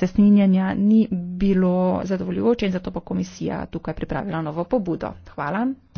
cestninjanja ni bilo zadovoljujoče in zato bo komisija tukaj pripravila novo pobudo. Hvala.